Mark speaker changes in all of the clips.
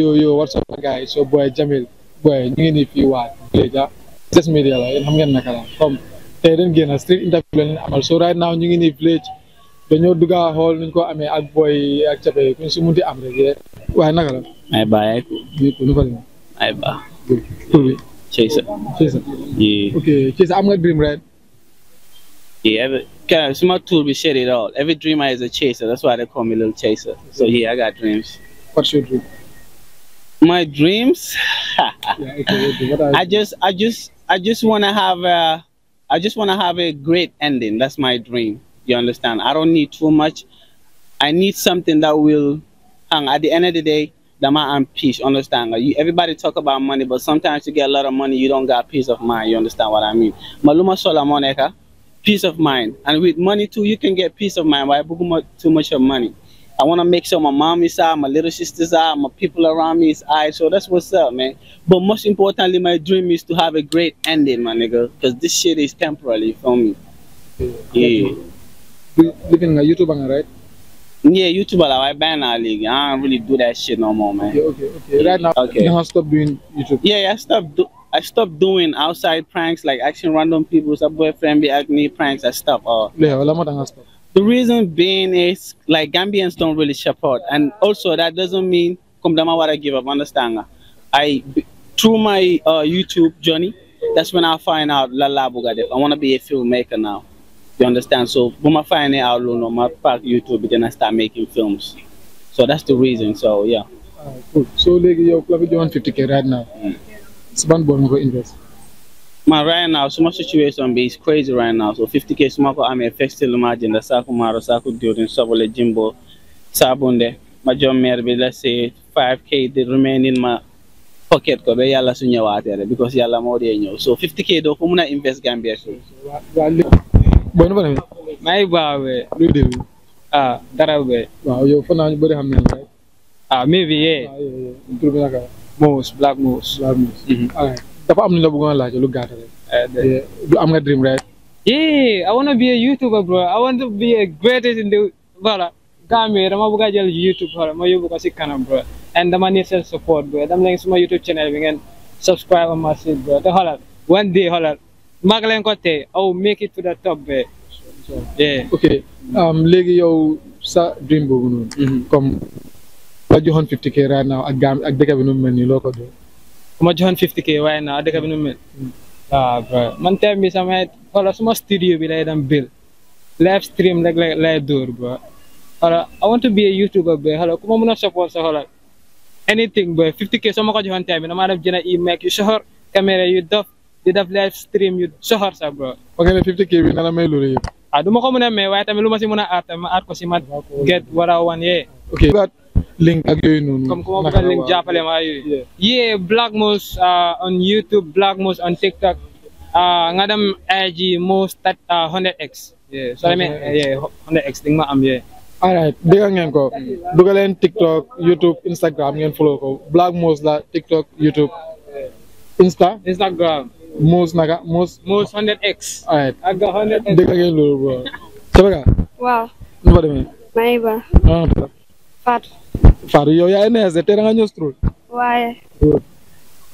Speaker 1: yo yo what's up guys? so boy Jamil boy, ñu ngi nii fii waa Bleja Zes Media la yéen xam ngeen nakala. la comme tey dañ génn street interview la leen amal so right now ñu ngi nii Bleja dañoo dugg a xool nuñ ko amee ak booy ak cape yi kuñ si munti am rek yee waaye naka la
Speaker 2: ay baa yaay ko nu fa ay baa tur bi Chaser Chaser ok Chaser am nga dream right Yeah, every, kind of, my tool be shared it all. Every dreamer is a chaser. That's why they call me Little Chaser. So yeah, I got dreams. What's your dream? My dreams. I just, I just, I just want to have a, I just want to have a great ending. That's my dream. You understand? I don't need too much. I need something that will hang. At the end of the day, that my am peace. Understand? you, everybody talk about money, but sometimes you get a lot of money, you don't got peace of mind. You understand what I mean? Maluma Solamoneka, eh, peace of mind. And with money too, you can get peace of mind by too much of money. I want to make sure my mommy's side, my little sister's side, my people around me is alright. So that's what's up, man. But most importantly, my dream is to have a great ending, my nigga. Because this shit is temporary, for me?
Speaker 1: Yeah. You living a uh,
Speaker 2: YouTuber, right? Yeah, YouTube, like, I ban that league. I don't really do that shit no more, man. Okay, okay, okay. Right now, okay. you have stopped doing YouTube. Yeah, I stopped I stopped doing outside pranks like action random people, some boyfriend be acne pranks. I stopped. Uh,
Speaker 1: yeah, well, I'm not gonna stop.
Speaker 2: The reason being is like Gambians don't really support, and also that doesn't mean what I give up. Understand? I through my uh, YouTube journey, that's when I find out La La bugade. I want to be a filmmaker now. You understand? So when I find it out, Luno, my park YouTube, then I start making films. So that's the reason. So yeah. Uh, cool. So
Speaker 1: like, your club is 150k right now. Mm. It's one born invest.
Speaker 2: Man, right now, so my situation is crazy right now. So 50k small I'm effective margin the Saku Maro Saku during Sabole Jimbo Sabunde. My job maybe let's say 5k the remaining my pocket ko be yalla su water because yalla moo dee ñëw so 50k doo ko mun invest Gambia si bon bon may baawe lu de ah dara be
Speaker 1: waaw yow fa naa ñu bëri xam
Speaker 2: ah maybe yeah ah,
Speaker 1: most black most black most mm -hmm. all right dafa am lu la bëggoon laaj lu gàtt rek. Eh, eh, du am nga dream right?
Speaker 3: Yeah, I want to be a YouTuber bro. I want to be a greatest in the voilà Gambia dama bëgg a jël YouTube bro ma yóbbu ko si kanam and dama need seen support bro dama leen subscribe on my site bro te xoolal one day xoolal mag leen ko tey aw oh, make it to the top um, mm-hmm.
Speaker 1: ak Gambia ak
Speaker 3: ku ma joxoon 50k waaye naa dëkk bi nu mel waaw ah, bro man time bi samay wala suma studio bi lay dem bil live stream rek lay lay dóor bro I want to be a YouTuber bro wala ku ma mën a support sa wala anything bro 50k soo ma ko time bi damaa def jënd i meek yu soxor caméra yu dof di def live stream yu soxor sa bro.
Speaker 1: ok ne k bi nga la may loolu yëpp.
Speaker 3: ah du ma ko mën a may waaye tamit lu ma si mën a aar tamit ko si ma. get what I want
Speaker 1: link ak yooyu noonu comme ku ma bëgg a link jàppale ma
Speaker 3: yooyu yeah Black Moz uh, on YouTube Black Moz on TikTok uh, nga dem IG Moz tat 100x uh, yeah soo demee yeah 100x di nga ma
Speaker 1: am yeah alright dégg ngeen ko dugaleen TikTok YouTube Instagram ngeen follow ko Black Moz la TikTok YouTube Insta Instagram Moz naka Moz Moz 100x alright dégg ngeen loolu bro Sabaka waaw nu fa demee maa ngi ba Fatou fario ya yaa neex te da nga ñëw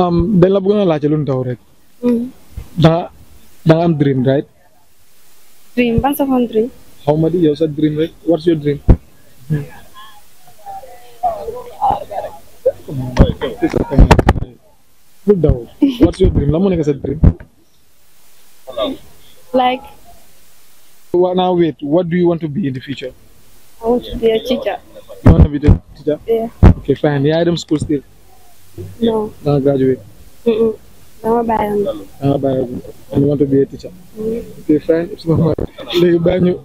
Speaker 1: um dañ la bëggoon a laaj lu ndaw rek da da ya. am hmm. nah, nah, dream right
Speaker 4: dream ban sa fon dream
Speaker 1: how ma di yow sa dream rek what's your dream hmm. lu what's your dream Lama mo nekk sa dream like What now wait what do you want to be in the future
Speaker 4: i want to be a teacher
Speaker 1: You want to be the teacher? Yeah. Okay, fine. You are in school still? No. Now graduate?
Speaker 2: Mm-mm. Now am
Speaker 1: a biology. And you want to be a teacher? Mm -hmm. Okay, fine. It's not my... Like, buy new...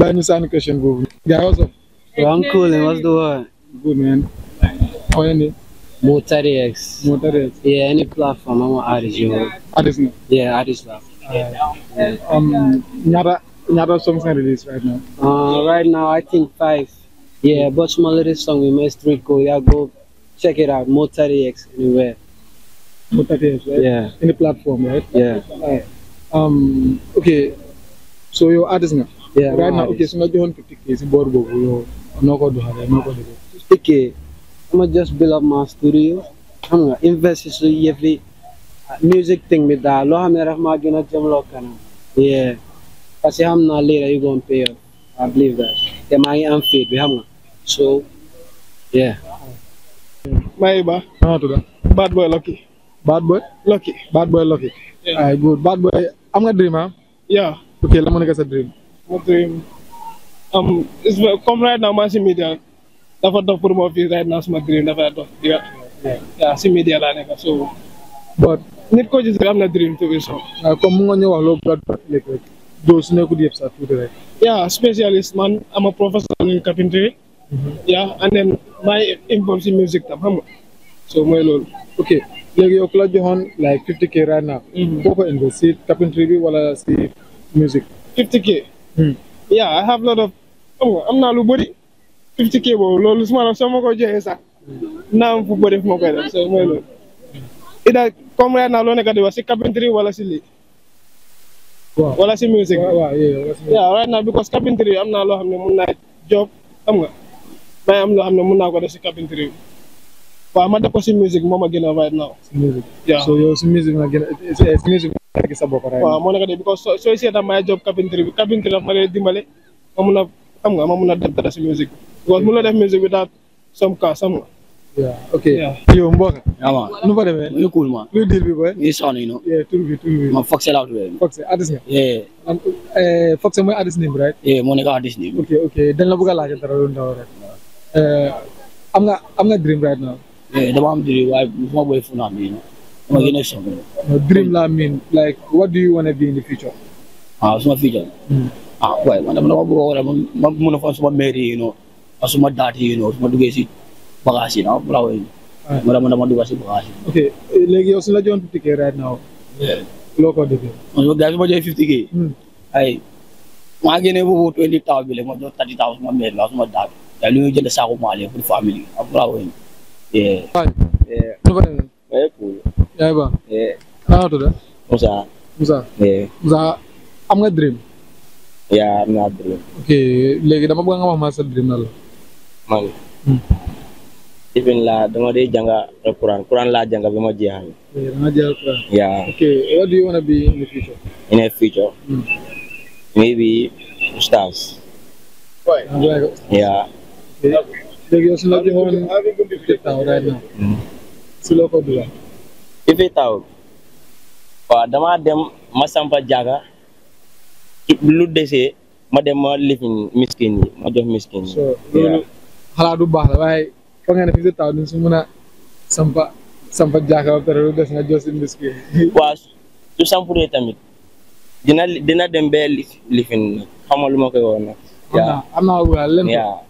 Speaker 1: Buy new sign question, bro. Yeah, what's up? Well, I'm cool, and what's
Speaker 3: the word? Good,
Speaker 1: man. How are you?
Speaker 3: Motarex. X. Yeah, any platform. I'm an artist, you know. Artist no. Yeah,
Speaker 1: artist now. Uh, yeah. Um, Nyada, Nyada songs are released right now? Uh,
Speaker 3: right now, I think five. Yeah, but my latest song with my street code. Y'all go check it out. More x anywhere.
Speaker 1: More x right? Yeah. Any platform, right? Yeah. Right. Um. Okay. So your are artist now. Yeah. Right now, okay. So now you want to pick this board go. You not going to have No Not going go. Okay. I'ma just build up my
Speaker 3: studio. I'm gonna invest so every uh, music thing with that. Lo hamne rahma gina jam lo kana. Yeah. Kasi hamna later you gonna pay off. I believe that. Yeah, my unfit. We hamna. So,
Speaker 1: yeah. My ba? How to Bad boy lucky. Bad boy? Lucky. Bad boy lucky. Yeah. Alright, good. boy, I'm a dreamer. Yeah. Okay, let me get a dream. My dream. Um, it's come right now, mass media. Dafa dox pour moo fii dafa dox diga waaw si media laa nekk so but nit koo gis am na dream to be so waaw comme mu nga ñëw wax loolu bad boy rek doo su nekkul yëpp sax tuuti rek yeah spécialiste man am a professeur in yaa and then my involve si music tam xam nga so mooy loolu ok léegi yow ku like fifty k right now mm-hmm. boo ko invest si carpentry wala si music fifty k hmm. yeah I have lot of xam nga am naa lu bëri fifty k boobu loolu su ma la soo ma ko joxee naa am fu bëri fu ma koy def so mooy loolu ida comme right now loo nekk di wax si carpentry wala si lii wala si music waaw right now because carpentry am naa loo xam ne mun naa job xam nga day am loo xam ne mën naa ko def si carpentry bi ma def ko si musique moo ma gën a right now. si musique waaw so yow si musique nga gën a si musique nga gis sa bopp rek. moo nekk de because ma lay dimbale ma a xam nga def si musique bi because mun def musique bi daal some cas sam nga. waaw ok nu fa demee. nu kuul ma. luy diir bi booy. ñu soxla ñu noonu. tur bi tur bi. ma Foxé eh, mooy artiste name bi right. moo nekk artiste name. ok a Eh, am na am na dream right now. Eh, dama am dream waaye suma boy fu naa miin dama gën a soxla. dream laa miin like what do you want to in the future.
Speaker 2: ah suma future. Hmm. ah waaye man dama bëgg wala ma mun a fa suma mairie yi noonu ak suma daati yi noonu suma duggee si bagage yi dama bëgg wala ma dama dama dugg si bagage yi.
Speaker 1: ok eh, léegi yow su la joxoon fifty right now. loo ko defee.
Speaker 2: man gars yi ma joxee fifty k. Hmm. ay maa génnee twenty thousand bi la ma jox thirty thousand suma mairie daal li ñuy jënd saako maal pour famille am bravo yi eh eh tuba eh pour yaay ba eh
Speaker 1: na tuda Musa Musa ya. Musa am nga dream
Speaker 4: ya am nga dream
Speaker 1: ok lagi dama bëgg nga wax ma sa dream nal la
Speaker 4: man ibn la dama dee jàng Quran Quran lah jàng bima ma ya
Speaker 1: da nga jeexal Quran ya ok what do you want to be in the future
Speaker 4: in the future hmm, maybe stars Right. Yeah. If it out right now. Silo ko waaw damaa dem ma sampa jaaga lu desee ma dem ma lifin miskin yi ma jox miskin yi. loolu
Speaker 1: xalaat baax la waaye foog nga ne fi si su mën a sampa sampa jaaga ba pare lu des nga jox miskin
Speaker 4: yi. su sampuree tamit dina dina dem ba lifin xam nga lu ma koy wax nag.
Speaker 1: am naa am naa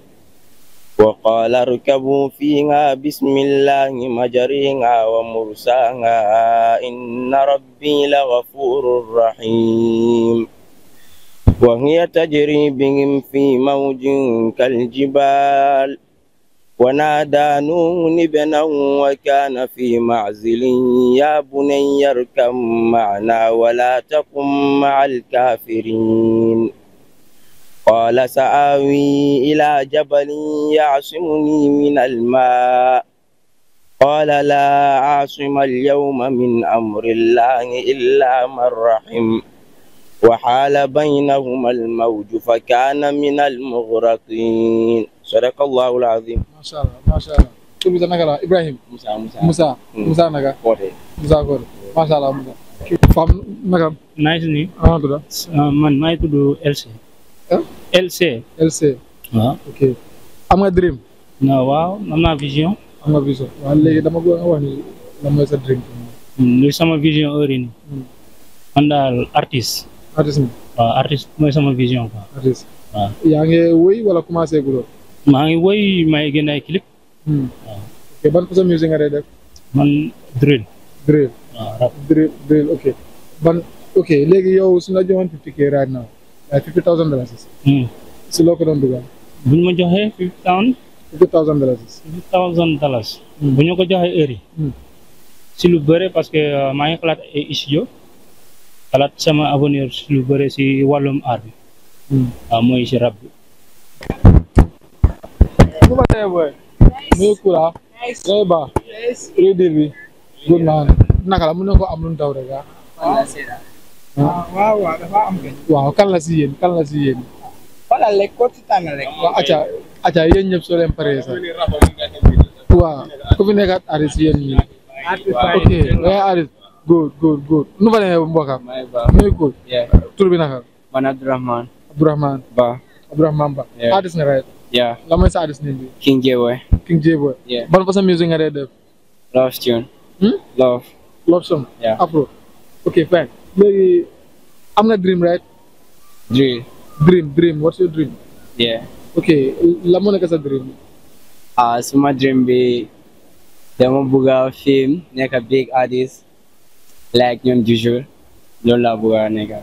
Speaker 4: وقال اركبوا فيها بسم الله مجريها ومرساها إن ربي لغفور رحيم وهي تجري بهم في موج كالجبال ونادى نون ابنه وكان في معزل يا بني اركب معنا ولا تقم مع الكافرين قال سآوي إلى جبل يعصمني من الماء قال لا عاصم اليوم من أمر الله إلا من رحم وحال بينهما الموج فكان من المغرقين صدق الله العظيم ما شاء
Speaker 1: الله ما شاء الله كم إذا نقرأ إبراهيم موسى موسى موسى موسى نقرأ موسى قول ما شاء الله موسى فهم نقرأ نايس ني آه تدا آه، من ما يتدو إلسي LC. LC. waaw ok am nga dream. non waaw am naa vision. am nga vision waaw léegi dama bëgg nga wax ni lan sa dream. Hmm,
Speaker 4: luy sama vision heure yi nii. Hmm. man daal artiste. waaw artiste mooy sama vision quoi. artiste waaw.
Speaker 1: yaa ngi woy wala commencé guloo.
Speaker 4: maa ngi woy ma ngi génne
Speaker 1: ay clip. Hmm. waaw ok ban façon musique man drill. drill. ok léegi yow su la joxoon fifty right now fifty hmm. bu ñu ma joxee hmm.
Speaker 4: bu ñu ko joxee heure hmm. si lu bëre parce que euh, maa ngi xalaat ay sama avenir si lu bëre si wàllum art bi waaw ah, mooy
Speaker 1: muy kura naka la mun na ko am lu mu waaw kan la si kan la si lekot wala lekk ko ci tànn rek. waaw acca acca yéen ñëpp soo leen paree sax. waaw ku fi ok good good good nu fa demee mbokam. muy good. tur bi naka. man Abdourahmane. Abdourahmane Ba. Abdourahmane Ba. artiste nga right. yeah. lan mooy sa aris name bi. King J Boy. King J Boy. yeah. ban façon musique nga def.
Speaker 4: love tune. Hmm? love.
Speaker 1: love song. yeah. afro. ok fine. léegi am na dream right. dream dream dream what's dream. yeah. ok la moo nekk sa dream.
Speaker 4: ah suma dream bi dama bëgg film nekk big artist like ñoom Juju loolu laa bëgg a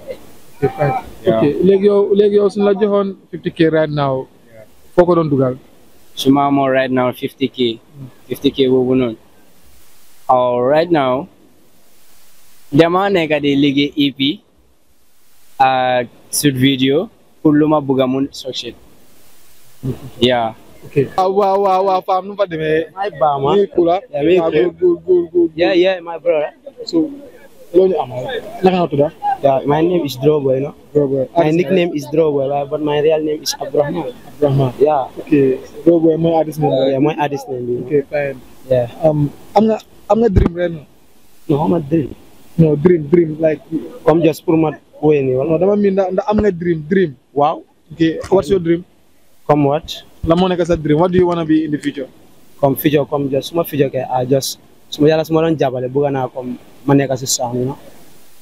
Speaker 1: léegi yow léegi la joxoon k right now foo ko dugal.
Speaker 4: suma amoon right now k k boobu noonu. right now. Ndiyamaanika ndiyilike EP uh shoot video kuluma buga mun social. Yeah. Okay.
Speaker 1: Awa awa awa fam nufa deme. My bama. Ni kula. Yeah, me kula. Good good good good. Yeah yeah my brother. So
Speaker 4: Loni Amal. Naka to da? Yeah, my name is Drobo, you know. Drobo. My nickname is Drobo, but my real name is Abrahman.
Speaker 1: Abrahman. Yeah. Okay. Drobo, my artist name. Yeah, my artist name. You know? Okay, fine. Yeah. Um, I'm not. I'm not dream right now. No, I'm not dream. no dream dream like comme just pour ma way ni wala dama min da am nga dream dream
Speaker 4: wow okay what's your dream comme what la mo nek sa dream what do you want to be in the future comme future comme just suma future kay i ah, just suma yalla suma don jabalé bu gana comme ma nek ci sam ni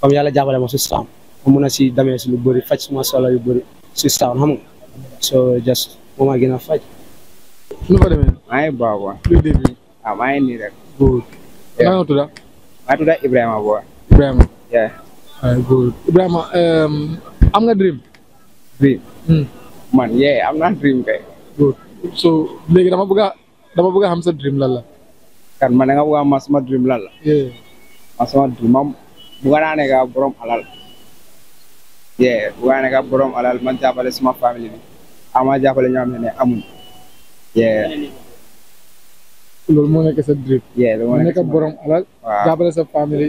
Speaker 4: comme yalla jabalé mo ci sam mo meuna ci damé ci lu beuri fajj suma solo yu beuri
Speaker 1: ci sam xam nga so just mo ma gëna fajj nu fa demé ay baba lu debi ah may ni rek good no tudda ma tudda ibrahima boy Ibrahim. Yeah. Uh, good. Ibrahim, um, I'm not dream? Dream? Hmm. Man, yeah, I'm not dream kay. Good. So, lagi nama buka, nama buka, bëgg dream lala. Kan mana nggak buka mas-mas dream lala, Yeah. mas-mas dream ma
Speaker 4: bukan aneh nekk borom alal. Yeah, bukan aneh nekk borom alal man jàppale semua family bi.
Speaker 1: Ama jàppale ñoo nyam ne amun, Yeah. lalu moo nekk sa dream. yeah loolu moo kesedrip. sa borom alal. waaw jàppale semua family.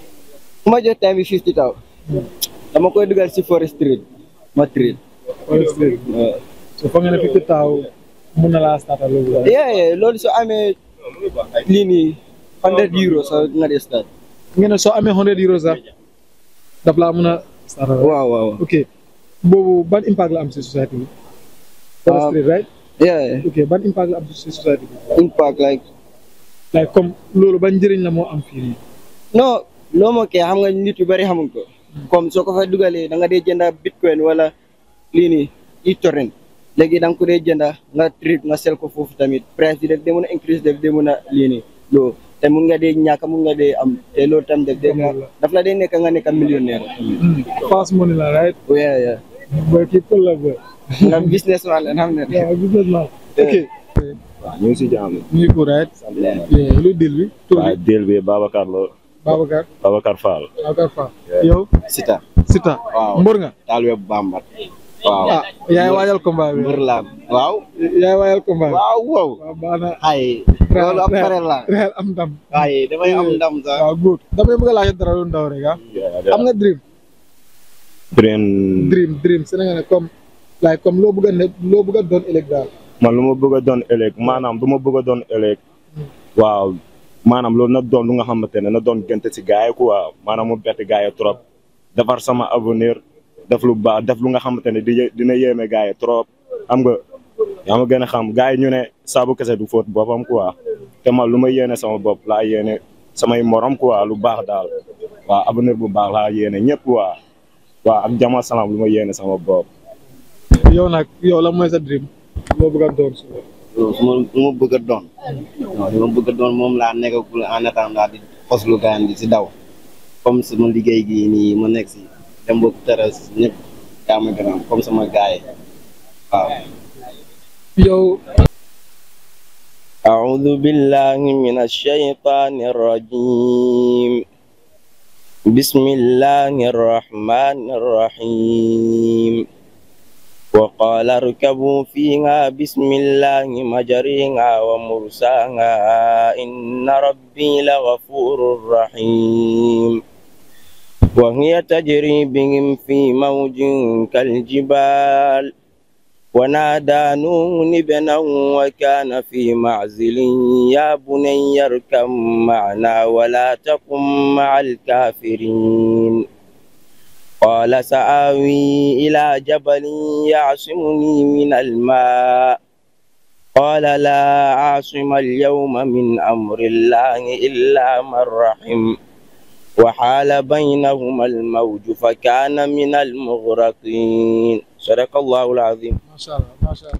Speaker 4: major time is tau Kamu kau juga si Forest Street, Madrid. Forest Street. Ya. So kau nga na
Speaker 1: tau mën na laa startal iya Yeah,
Speaker 4: yeah, loolu soo 100 euro so nga dee start. Nga so ame 100 euro sax daf laa start wow, wow. wow
Speaker 1: Oke waaw. Ok ban impact la am si society Forest Street, right? Iya. Um, ya, Oke, ban impact la am si society Impact like. Like kom lo ban njëriñ la moo am fii
Speaker 4: loomo ke xam nga nit yu bari xamuñ ko comme soko fa dugale da nga day jënda bitcoin wala lini e-torrent léegi da ko day jënda nga trip nga sel ko fofu tamit price direct demuna increase def demuna mën a lo, temu loo mun nga day ñaka mun nga day am té lo tam def dem daf la day nek nga millionnaire pass hmm, money la right oh, yeah yeah
Speaker 1: boy people la boy
Speaker 4: nga business
Speaker 1: man la xam yeah business man okay
Speaker 4: ñu ngi si ñu ko right lu deal bi deal bi Babacar Babacar Babacar Fall.
Speaker 1: Babacar yow. Sita. Sita waaw mbër nga. taalibe bu
Speaker 2: ah, yaay waajal
Speaker 1: combat waaw. yaay waajal combat bi waaw wow. ay loolu am pare ay damay am ndam sax. waaw damay bëgg a dara lu ndaw ah. am nga dream. dream. dream comme loo bëgg a loo bëgg doon ëllëg daal.
Speaker 4: man lu ma bëgg a doon ëllëg maanaam lu ma bëgg doon ëllëg hmm. waaw. maanaam loolu na doon lu nga xamante ne na doon gënt si gars yi quoi maanaam mu bett gars yi trop defar sama avenir def lu baax def lu nga xamante ne di dina yéeme gars yi trop xam nga yaa ma gën a xam gars yi ñu ne saabu kese du fóot boppam waa te ma lu ma yéene sama bopp laa yéene samay morom waa lu baax daal waaw avenir bu baax laa yéene ñëpp waa waaw ak jama salaam lu ma yéene sama bopp. yow nag yow la
Speaker 1: mooy sa dream. moo bëgg a doon
Speaker 4: suma lu ma bëgg a doon non li ma bëgg di poslu di sedau, daw comme sama liggéey gii nii ma nekk si dem ba tëra sama gaay waaw yow أعوذ بالله من الشيطان وقال اركبوا فيها بسم الله مجريها ومرساها إن ربي لغفور رحيم وهي تجري بهم في موج كالجبال ونادى نون ابنه وكان في معزل يا بني اركب معنا ولا تقم مع الكافرين قال سآوي إلى جبل يعصمني من الماء قال لا عاصم اليوم من أمر الله إلا من رحم وحال بينهما الموج فكان من المغرقين صدق الله العظيم ما
Speaker 2: شاء الله ما شاء الله